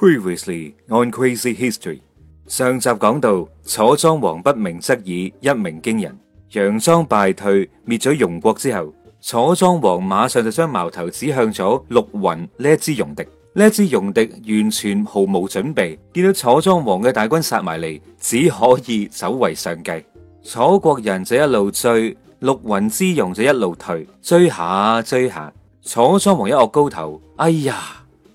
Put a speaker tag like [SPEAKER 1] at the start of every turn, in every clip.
[SPEAKER 1] Previously on Crazy History，上集講到楚莊王不鳴則已，一鳴驚人。佯裝敗退滅咗庸國之後，楚莊王馬上就將矛頭指向咗陸渾呢一支戎狄。呢一支戎狄完全毫無準備，見到楚莊王嘅大軍殺埋嚟，只可以走為上計。楚國人就一路追，陸渾之戎就一路退，追下追下，楚莊王一望高頭，哎呀，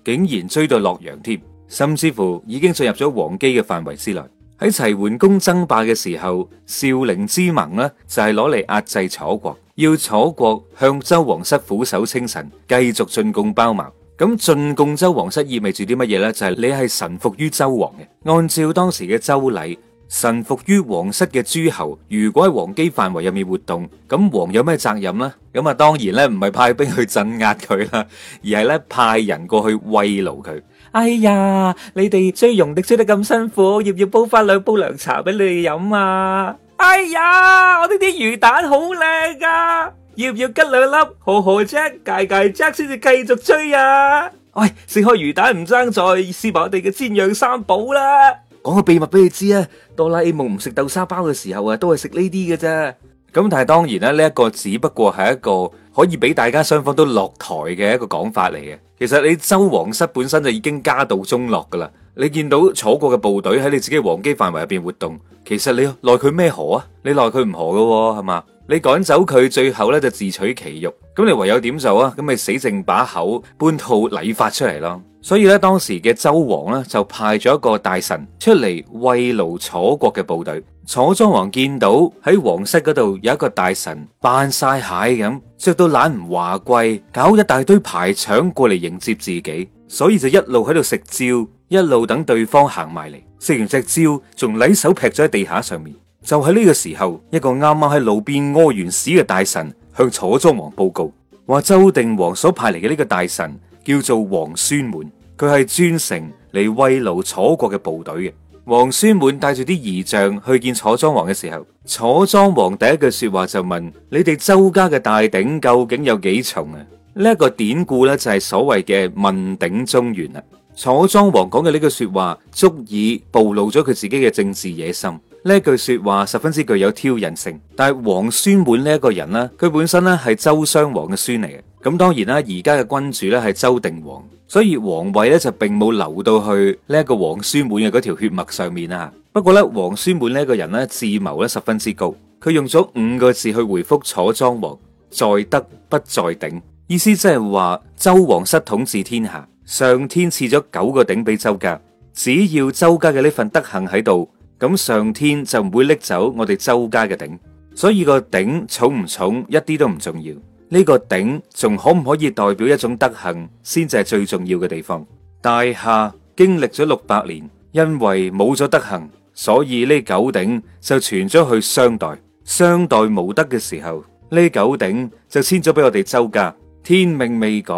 [SPEAKER 1] 竟然追到洛陽添！甚至乎已經進入咗王畿嘅範圍之內。喺齊桓公爭霸嘅時候，召陵之盟呢就係攞嚟壓制楚國，要楚國向周王室俯首稱臣，繼續進貢包茅。咁進貢周王室意味住啲乜嘢呢？就係、是、你係臣服於周王嘅。按照當時嘅周禮，臣服於王室嘅諸侯，如果喺王畿範圍入面活動，咁王有咩責任呢？咁啊，當然咧唔係派兵去鎮壓佢啦，而係咧派人過去慰勞佢。
[SPEAKER 2] 哎呀，你哋追融的追得咁辛苦，要唔要煲翻兩煲涼茶俾你哋飲啊？哎呀，我呢啲魚蛋好靚啊，要唔要吉兩粒荷荷啫，芥芥啫，先至繼續追啊？喂、哎，食開魚蛋唔爭在試
[SPEAKER 1] 埋我哋嘅煎釀三寶啦。講個秘密俾你知啊，哆啦 A 夢唔食豆沙包嘅時候啊，都係食呢啲嘅啫。咁但係當然啦，呢、這、一個只不過係一個可以俾大家雙方都落台嘅一個講法嚟嘅。其實你周王室本身就已經家道中落噶啦，你見到楚國嘅部隊喺你自己王畿範圍入邊活動，其實你奈佢咩何啊？你奈佢唔何噶係嘛？你趕走佢，最後咧就自取其辱，咁你唯有點做啊？咁咪死剩把口，搬套禮法出嚟咯。所以咧，當時嘅周王咧就派咗一個大臣出嚟慰勞楚國嘅部隊。楚莊王見到喺皇室嗰度有一個大臣扮晒蟹咁，着到懶唔華貴，搞一大堆排場過嚟迎接自己，所以就一路喺度食蕉，一路等對方行埋嚟。食完隻蕉，仲禮手劈咗喺地下上面。就喺呢個時候，一個啱啱喺路邊屙完屎嘅大臣向楚莊王報告，話周定王所派嚟嘅呢個大臣叫做王孫滿，佢係專程嚟慰勞楚國嘅部隊嘅。王孫滿帶住啲儀仗去見楚莊王嘅時候，楚莊王第一句說話就問：你哋周家嘅大鼎究竟有幾重啊？呢、這、一個典故呢，就係所謂嘅問鼎中原啦。楚莊王講嘅呢句說話足以暴露咗佢自己嘅政治野心。呢句說話十分之具有挑釁性，但係王孫滿呢一個人呢，佢本身呢係周襄王嘅孫嚟嘅。咁當然啦，而家嘅君主咧係周定王，所以王位咧就並冇流到去呢一個王孫滿嘅嗰條血脈上面啦。不過咧，王孫滿呢一個人咧自謀咧十分之高，佢用咗五個字去回覆楚莊王：「在德不在鼎」，意思即係話周王室統治天下，上天賜咗九個鼎俾周家，只要周家嘅呢份德行喺度，咁上天就唔會拎走我哋周家嘅鼎。所以個「鼎」重唔重一啲都唔重要。呢個鼎仲可唔可以代表一種德行，先至係最重要嘅地方。大夏經歷咗六百年，因為冇咗德行，所以呢九鼎就傳咗去商代。商代冇德嘅時候，呢九鼎就遷咗俾我哋周家。天命未改，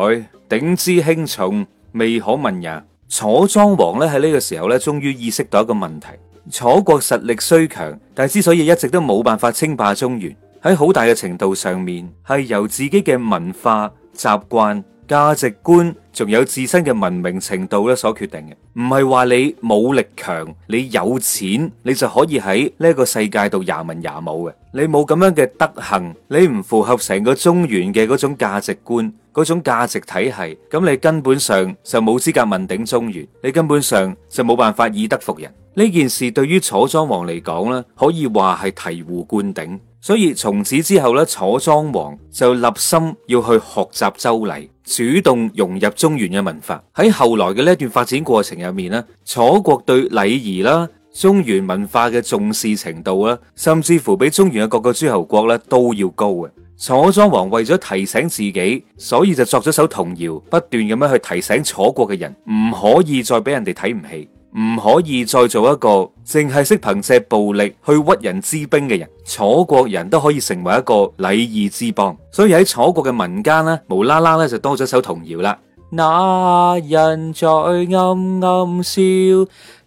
[SPEAKER 1] 鼎之輕重未可問也。楚莊王咧喺呢個時候咧，終於意識到一個問題：楚國實力雖強，但之所以一直都冇辦法稱霸中原，喺好大嘅程度上面，係由自己嘅文化習慣、價值觀，仲有自身嘅文明程度咧所決定嘅。唔係話你武力強，你有錢，你就可以喺呢個世界度廿文廿武嘅。你冇咁樣嘅德行，你唔符合成個中原嘅嗰種價值觀，嗰種價值體系，咁你根本上就冇資格問鼎中原。你根本上就冇辦法以德服人。呢件事對於楚莊王嚟講咧，可以話係醍醐灌頂。所以，從此之後咧，楚莊王就立心要去學習周禮，主動融入中原嘅文化。喺後來嘅呢一段發展過程入面咧，楚國對禮儀啦、中原文化嘅重視程度啦，甚至乎比中原嘅各個諸侯國咧都要高嘅。楚莊王為咗提醒自己，所以就作咗首童謠，不斷咁樣去提醒楚國嘅人，唔可以再俾人哋睇唔起。唔可以再做一個淨係識憑借暴力去屈人之兵嘅人。楚國人都可以成為一個禮儀之邦，所以喺楚國嘅民間呢，無啦啦咧就多咗首童謠啦。
[SPEAKER 2] 那人在暗暗笑，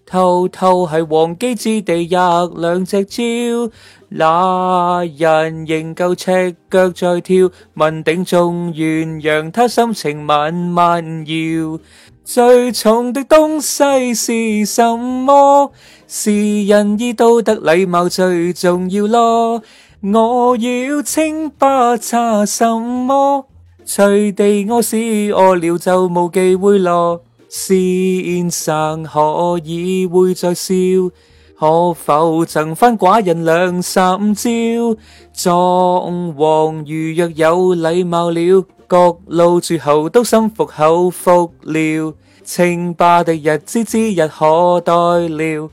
[SPEAKER 2] 偷偷係黃基之地壓兩隻蕉。那人仍舊赤腳在跳，問鼎中原讓他心情慢慢搖。最重的東西是什麼？是仁義、道德、禮貌最重要咯。我要稱霸差什麼，隨地屙屎屙尿就無忌諱咯。先生可以會再笑，可否贈返寡人兩三招？莊王如若有禮貌了。各路諸侯都心服口服了，稱霸的日子之，
[SPEAKER 1] 指日可待了。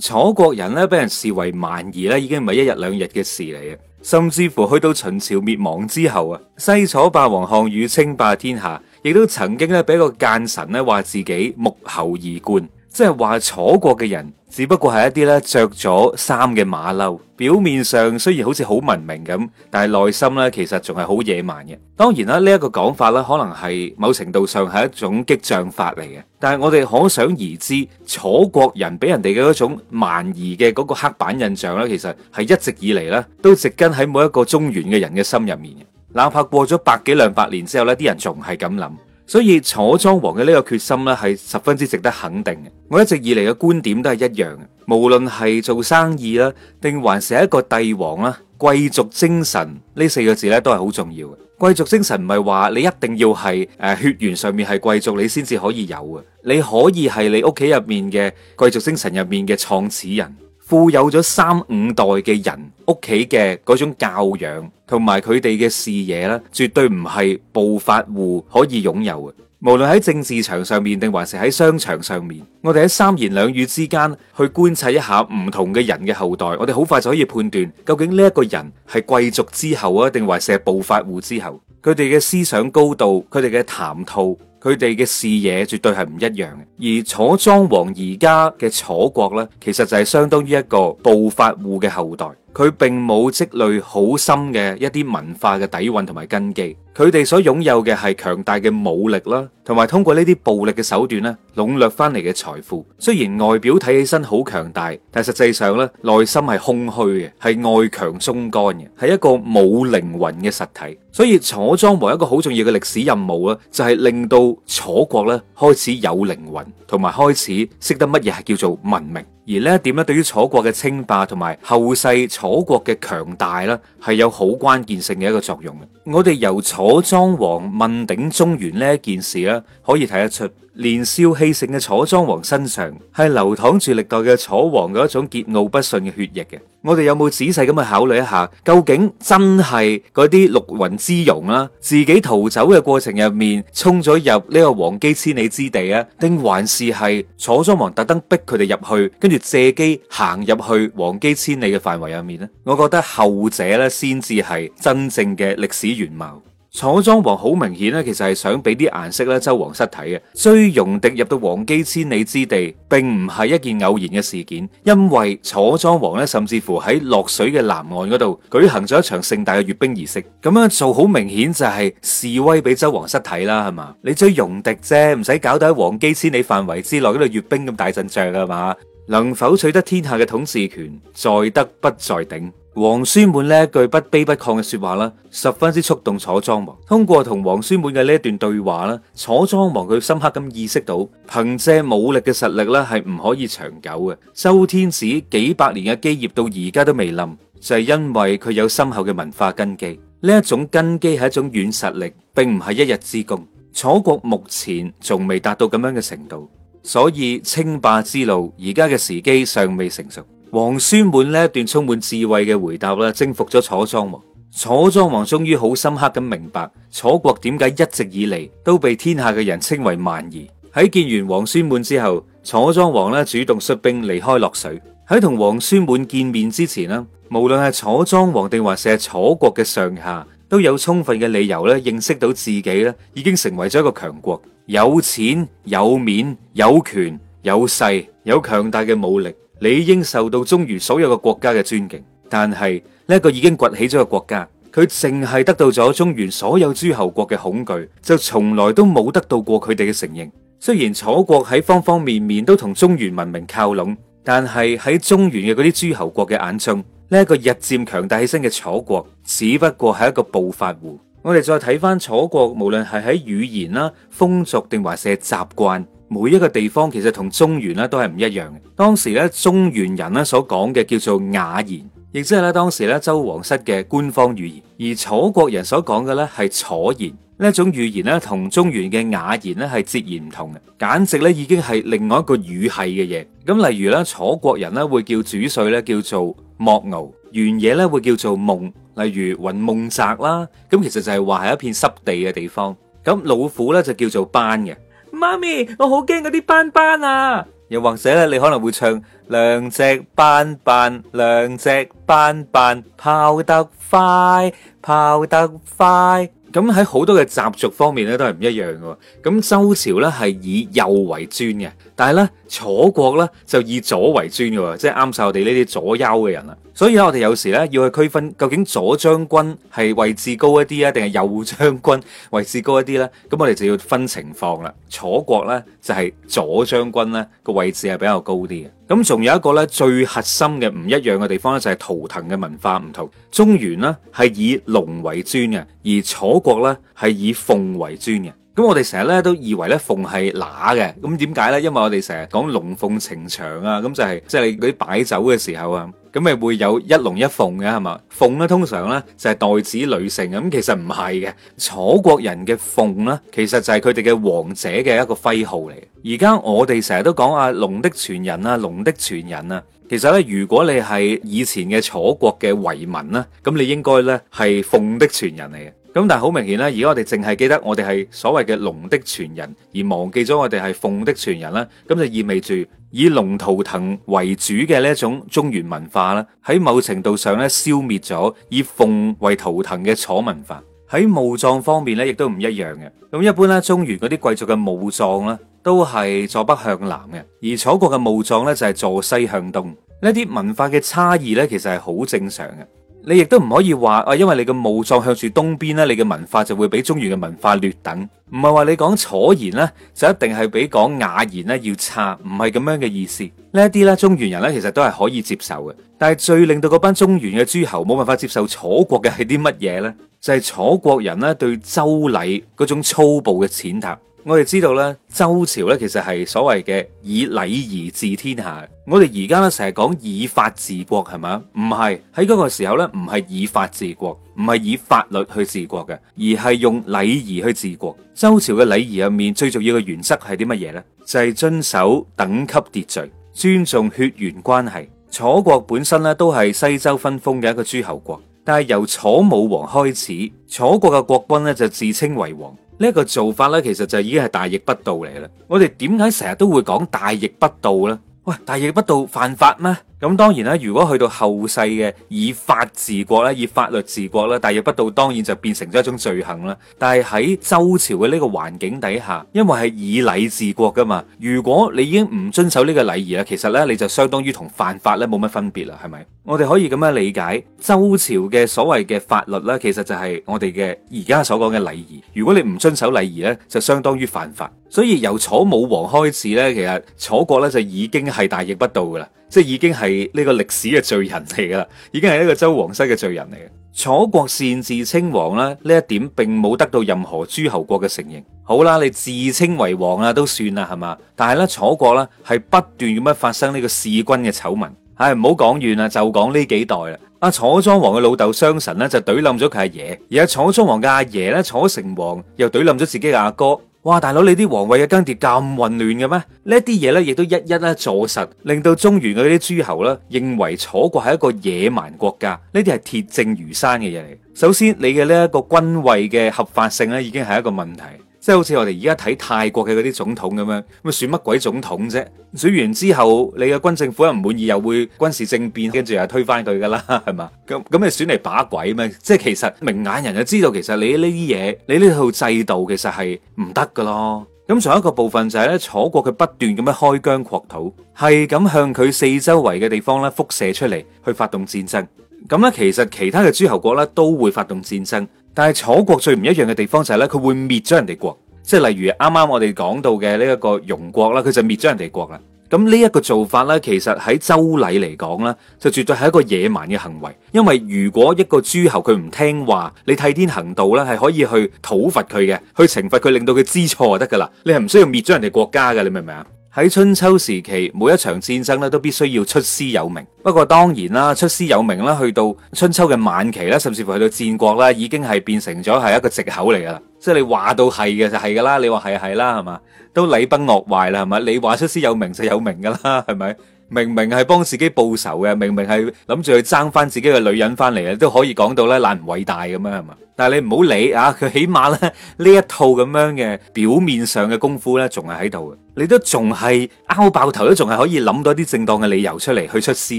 [SPEAKER 1] 楚國人咧，被人視為蠻夷咧，已經唔係一日兩日嘅事嚟啊！甚至乎去到秦朝滅亡之後啊，西楚霸王項羽稱霸天下，亦都曾經咧俾個奸臣咧話自己沐猴而冠。即係話楚國嘅人，只不過係一啲咧着咗衫嘅馬騮，表面上雖然好似好文明咁，但係內心咧其實仲係好野蠻嘅。當然啦，這個、呢一個講法咧，可能係某程度上係一種激將法嚟嘅。但係我哋可想而知，楚國人俾人哋嘅嗰種蠻夷嘅嗰個刻板印象咧，其實係一直以嚟咧都植根喺每一個中原嘅人嘅心入面嘅。哪怕過咗百幾兩百年之後呢，啲人仲係咁諗。所以楚莊王嘅呢個決心咧，係十分之值得肯定嘅。我一直以嚟嘅觀點都係一樣嘅，無論係做生意啦，定還是一個帝王啦，貴族精神呢四個字咧，都係好重要嘅。貴族精神唔係話你一定要係誒血緣上面係貴族，你先至可以有嘅。你可以係你屋企入面嘅貴族精神入面嘅創始人。富有咗三五代嘅人屋企嘅嗰種教養同埋佢哋嘅視野咧，絕對唔係暴發戶可以擁有嘅。無論喺政治場上面定還是喺商場上面，我哋喺三言兩語之間去觀察一下唔同嘅人嘅後代，我哋好快就可以判斷究竟呢一個人係貴族之後啊，定還是係暴發戶之後？佢哋嘅思想高度，佢哋嘅談吐。佢哋嘅視野絕對係唔一樣嘅，而楚莊王而家嘅楚國呢，其實就係相當於一個暴發戶嘅後代，佢並冇積累好深嘅一啲文化嘅底蘊同埋根基，佢哋所擁有嘅係強大嘅武力啦，同埋通過呢啲暴力嘅手段呢。擄掠翻嚟嘅財富，雖然外表睇起身好強大，但係實際上咧，內心係空虛嘅，係外強中乾嘅，係一個冇靈魂嘅實體。所以，楚莊王一個好重要嘅歷史任務啦，就係令到楚國咧開始有靈魂，同埋開始識得乜嘢係叫做文明。而呢一點咧，對於楚國嘅稱霸同埋後世楚國嘅強大啦，係有好關鍵性嘅一個作用嘅。我哋由楚莊王問鼎中原呢一件事咧，可以睇得出。年少氣盛嘅楚莊王身上係流淌住歷代嘅楚王嘅一種桀驁不馴嘅血液嘅，我哋有冇仔細咁去考慮一下，究竟真係嗰啲陸渾之戎啦，自己逃走嘅過程入面衝咗入呢個王畿千里之地啊，定還是係楚莊王特登逼佢哋入去，跟住借機行入去王畿千里嘅範圍入面呢？我覺得後者咧先至係真正嘅歷史原貌。楚莊王好明顯咧，其實係想俾啲顏色咧周王室睇嘅。追戎狄入到黃基千里之地，並唔係一件偶然嘅事件，因為楚莊王呢，甚至乎喺洛水嘅南岸嗰度舉行咗一場盛大嘅閱兵儀式，咁樣做好明顯就係示威俾周王室睇啦，係嘛？你追戎狄啫，唔使搞到喺黃基千里範圍之內喺度閱兵咁大陣仗啊嘛？能否取得天下嘅統治權，在德不在鼎？王孫滿呢一句不卑不亢嘅說話啦，十分之觸動楚莊王。通過同王孫滿嘅呢一段對話啦，楚莊王佢深刻咁意識到，憑借武力嘅實力咧係唔可以長久嘅。周天子幾百年嘅基業到而家都未冧，就係、是、因為佢有深厚嘅文化根基。呢一種根基係一種軟實力，並唔係一日之功。楚國目前仲未達到咁樣嘅程度，所以稱霸之路而家嘅時機尚未成熟。王孫滿呢一段充滿智慧嘅回答啦，征服咗楚莊王。楚莊王終於好深刻咁明白楚國點解一直以嚟都被天下嘅人稱為蠻夷。喺見完王孫滿之後，楚莊王咧主動率兵離開洛水。喺同王孫滿見面之前啦，無論係楚莊王定還是楚國嘅上下，都有充分嘅理由咧，認識到自己咧已經成為咗一個強國，有錢、有面、有權、有勢、有勢、有強大嘅武力。理應受到中原所有嘅國家嘅尊敬，但係呢一個已經崛起咗嘅國家，佢淨係得到咗中原所有諸侯國嘅恐懼，就從來都冇得到過佢哋嘅承認。雖然楚國喺方方面面都同中原文明靠攏，但係喺中原嘅嗰啲諸侯國嘅眼中，呢一個日漸強大起身嘅楚國，只不過係一個暴發戶。我哋再睇翻楚國，無論係喺語言啦、風俗定還是係習慣。每一個地方其實同中原咧都係唔一樣嘅。當時咧中原人咧所講嘅叫做雅言，亦即係咧當時咧周王室嘅官方語言。而楚國人所講嘅咧係楚言，呢一種語言咧同中原嘅雅言咧係截然唔同嘅，簡直咧已經係另外一個語系嘅嘢。咁例如咧楚國人咧會叫煮水咧叫做莫牛，原野咧會叫做夢，例如雲夢澤啦。咁其實就係話係一片濕地嘅地方。咁老虎咧就叫做斑嘅。
[SPEAKER 2] 媽咪，我好驚嗰啲斑斑啊！
[SPEAKER 1] 又或者咧，你可能會唱兩隻斑斑，兩隻斑斑跑得快，跑得快。咁喺好多嘅習俗方面咧，都係唔一樣嘅。咁周朝咧係以右為尊嘅。但係咧，楚國咧就以左為尊嘅，即係啱晒我哋呢啲左右嘅人啦。所以咧，我哋有時咧要去區分究竟左將軍係位置高一啲啊，定係右將軍位置高一啲咧？咁我哋就要分情況啦。楚國咧就係左將軍咧個位置係比較高啲嘅。咁仲有一個咧最核心嘅唔一樣嘅地方咧就係圖騰嘅文化唔同。中原咧係以龍為尊嘅，而楚國咧係以鳳為尊嘅。咁我哋成日咧都以為咧鳳係乸嘅。咁點解咧？因為我哋成日講龍鳳呈祥啊，咁就係即係你啲擺酒嘅時候啊，咁咪會有一龍一鳳嘅係嘛？鳳咧通常咧就係、是、代指女性啊，咁其實唔係嘅，楚國人嘅鳳咧其實就係佢哋嘅王者嘅一個徽號嚟。而家我哋成日都講阿、啊、龍的傳人啊，龍的傳人啊，其實咧如果你係以前嘅楚國嘅遺民咧，咁你應該咧係鳳的傳人嚟嘅。咁但係好明顯啦，而家我哋淨係記得我哋係所謂嘅龍的傳人，而忘記咗我哋係鳳的傳人啦。咁就意味住以龍圖騰為主嘅呢一種中原文化啦，喺某程度上咧，消滅咗以鳳為圖騰嘅楚文化。喺墓葬方面咧，亦都唔一樣嘅。咁一般咧，中原嗰啲貴族嘅墓葬咧，都係坐北向南嘅，而楚國嘅墓葬咧就係坐西向東。呢啲文化嘅差異咧，其實係好正常嘅。你亦都唔可以話啊，因為你嘅墓葬向住東邊咧，你嘅文化就會比中原嘅文化劣等，唔係話你講楚言呢，就一定係比講雅言呢要差，唔係咁樣嘅意思。呢一啲呢，中原人呢其實都係可以接受嘅，但係最令到嗰班中原嘅諸侯冇辦法接受楚國嘅係啲乜嘢呢？就係楚國人呢對周禮嗰種粗暴嘅踐踏。我哋知道咧，周朝咧其實係所謂嘅以禮儀治天下。我哋而家咧成日講以法治國，係嘛？唔係喺嗰個時候咧，唔係以法治國，唔係以法律去治國嘅，而係用禮儀去治國。周朝嘅禮儀入面最重要嘅原則係啲乜嘢咧？就係遵守等級秩序，尊重血緣關係。楚國本身咧都係西周分封嘅一個諸侯國，但係由楚武王開始，楚國嘅國君咧就自稱為王。呢一個做法呢，其實就已經係大逆不道嚟啦！我哋點解成日都會講大逆不道呢？喂，大逆不道犯法咩？咁當然啦，如果去到後世嘅以法治國咧，以法律治國咧，大逆不道當然就變成咗一種罪行啦。但係喺周朝嘅呢個環境底下，因為係以禮治國噶嘛，如果你已經唔遵守呢個禮儀啦，其實呢你就相當於同犯法咧冇乜分別啦，係咪？我哋可以咁樣理解，周朝嘅所謂嘅法律呢，其實就係我哋嘅而家所講嘅禮儀。如果你唔遵守禮儀呢，就相當於犯法。所以由楚武王開始咧，其實楚國咧就已經係大逆不道噶啦，即係已經係呢個歷史嘅罪人嚟噶啦，已經係一個周皇室嘅罪人嚟嘅。楚國擅自稱王咧，呢一點並冇得到任何諸侯國嘅承認。好啦，你自稱為王啊都算啦係嘛，但係咧楚國咧係不斷咁樣發生呢個弑君嘅醜聞。唉，唔好講遠啦，就講呢幾代啦。阿、啊、楚莊王嘅老豆商臣呢，就懟冧咗佢阿爺，而、啊、楚莊阿楚莊王嘅阿爺咧楚成王又懟冧咗自己嘅阿哥，哥。哇！大佬，你啲皇位嘅更迭咁混亂嘅咩？呢啲嘢呢亦都一一咧坐實，令到中原嗰啲諸侯呢認為楚國係一個野蠻國家。呢啲係鐵證如山嘅嘢嚟。首先，你嘅呢一個君位嘅合法性呢已經係一個問題。即係好似我哋而家睇泰國嘅嗰啲總統咁樣，咁選乜鬼總統啫？選完之後，你嘅軍政府又唔滿意，又會軍事政變，跟住又推翻佢噶啦，係嘛？咁咁咪選嚟把鬼咩？即係其實明眼人就知道，其實你呢啲嘢，你呢套制度其實係唔得噶咯。咁仲有一個部分就係咧，楚國佢不斷咁樣開疆擴土，係咁向佢四周圍嘅地方咧輻射出嚟，去發動戰爭。咁咧，其實其他嘅諸侯國咧都會發動戰爭。但係楚國最唔一樣嘅地方就係咧，佢會滅咗人哋國，即係例如啱啱我哋講到嘅呢一個庸國啦，佢就滅咗人哋國啦。咁呢一個做法咧，其實喺周禮嚟講咧，就絕對係一個野蠻嘅行為。因為如果一個諸侯佢唔聽話，你替天行道咧，係可以去討伐佢嘅，去懲罰佢，令到佢知錯就得噶啦。你係唔需要滅咗人哋國家嘅，你明唔明啊？喺春秋時期，每一場戰爭咧都必須要出師有名。不過當然啦，出師有名啦，去到春秋嘅晚期咧，甚至乎去到戰國啦，已經係變成咗係一個藉口嚟㗎喇。即係你話到係嘅就係㗎啦，你話係係啦，係嘛？都禮崩樂壞啦，係咪？你話出師有名就有名㗎喇，係咪？明明係幫自己報仇嘅，明明係諗住去爭翻自己嘅女人翻嚟嘅，都可以講到咧懶唔偉大咁啊，係嘛？但係你唔好理啊，佢起碼咧呢一套咁樣嘅表面上嘅功夫咧，仲係喺度嘅，你都仲係拗爆頭都仲係可以諗到啲正當嘅理由出嚟去出師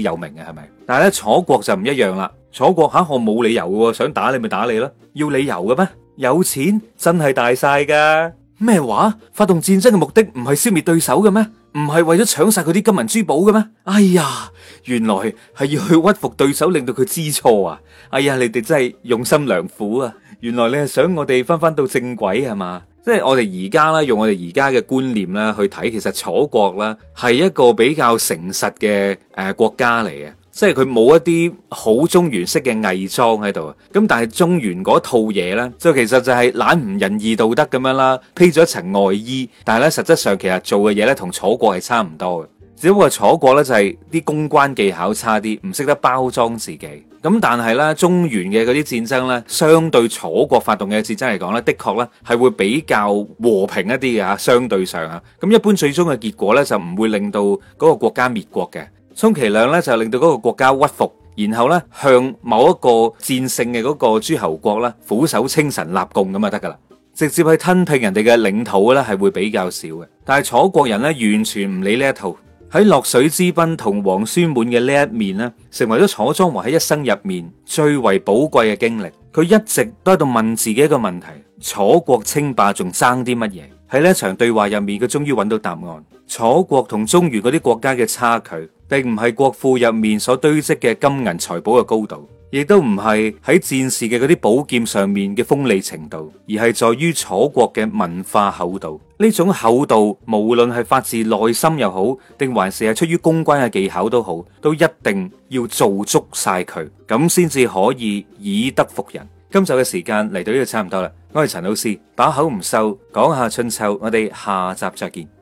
[SPEAKER 1] 有名嘅，係咪？但係咧楚國就唔一樣啦，楚國吓、啊、我冇理由嘅，想打你咪打你咯，要理由嘅咩？有錢真係大晒噶。咩話？發動戰爭嘅目的唔係消滅對手嘅咩？唔係為咗搶晒佢啲金銀珠寶嘅咩？哎呀，原來係要去屈服對手，令到佢知錯啊！哎呀，你哋真係用心良苦啊！原來你係想我哋返返到正軌，係咪？即係我哋而家啦，用我哋而家嘅觀念啦去睇，其實楚國啦係一個比較誠實嘅誒國家嚟嘅！即係佢冇一啲好中原式嘅偽裝喺度，咁但係中原嗰套嘢呢，即係其實就係懶唔仁義道德咁樣啦，披咗一層外衣，但係呢，實質上其實做嘅嘢呢，同楚國係差唔多嘅，只不過楚國呢，就係、是、啲公關技巧差啲，唔識得包裝自己，咁但係呢，中原嘅嗰啲戰爭呢，相對楚國發動嘅戰爭嚟講呢，的確呢係會比較和平一啲嘅嚇，相對上啊，咁一般最終嘅結果呢，就唔會令到嗰個國家滅國嘅。充其量咧就令到嗰個國家屈服，然後咧向某一個戰勝嘅嗰個諸侯國啦俯首稱臣、納貢咁就得噶啦，直接去吞併人哋嘅領土咧係會比較少嘅。但係楚國人咧完全唔理呢一套，喺洛水之濱同王孫滿嘅呢一面呢，成為咗楚莊王喺一生入面最為寶貴嘅經歷。佢一直都喺度問自己一個問題：楚國稱霸仲爭啲乜嘢？喺呢一場對話入面，佢終於揾到答案。楚國同中原嗰啲國家嘅差距，並唔係國庫入面所堆積嘅金銀財寶嘅高度，亦都唔係喺戰士嘅嗰啲寶劍上面嘅鋒利程度，而係在於楚國嘅文化厚度。呢種厚度無論係發自內心又好，定還是係出於公關嘅技巧都好，都一定要做足晒佢，咁先至可以以德服人。今集嘅時間嚟到呢度差唔多啦，我係陳老師，把口唔收，講下春秋，我哋下集再見。